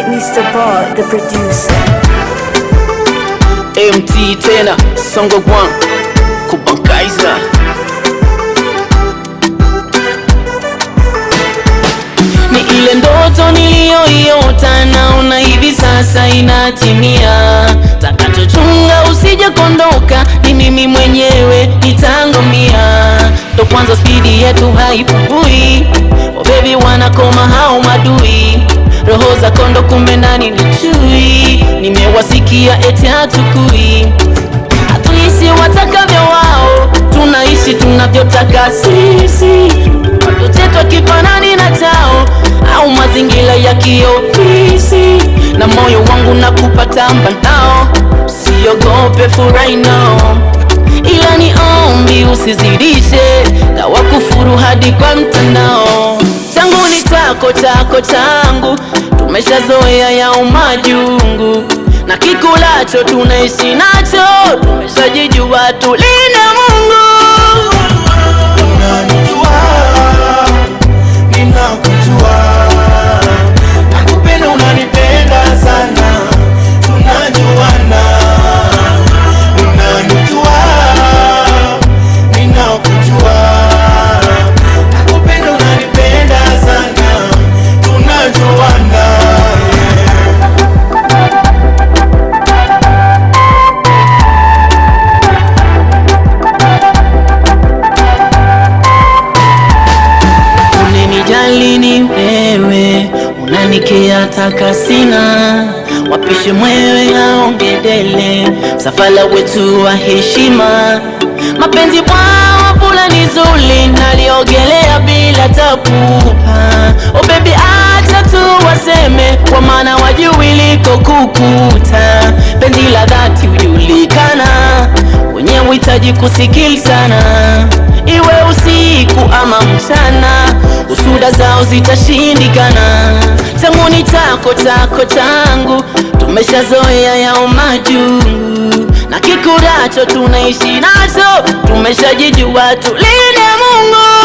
Mr. Ball, the producer. MT tena Songogwan kubankaiza ni ile ndoto niliyoiota, naona hivi sasa inatimia. Takachochunga usije kondoka, ni mimi mwenyewe nitangomia. Ndo kwanza spidi yetu haipungui, wabebi oh wanakoma hao madui roho za kondo, kumbe nani ni chui. Nimewasikia eti hatukui, hatuishi watakavyo wao, tunaishi tunavyotaka sisi. Watu chetu hakifanani na chao au mazingira ya kiofisi, na moyo wangu nakupa tamba nao, siogope furahi nao, ila ni ombi usizidishe na wakufuru hadi kwa mtandao chako chako changu, tumeshazoea ya umajungu na kikulacho tunaishi nacho, tumeshajijua tuline Mungu na nikiataka sina, wapishe mwewe aongedele, safala wetu wa heshima, mapenzi bwana pula ni zuri, naliogelea bila tabu. Oh baby, acha tu waseme, kwa maana wajui likokukuta, penzi la dhati hujulikana, uhitaji kusikil sana iwe usiku ama mchana usuda zao zitashindikana. Tangu ni tako tako tangu tumeshazoea yao majungu na kikuracho tunaishi nacho, tumeshajijua tulinde Mungu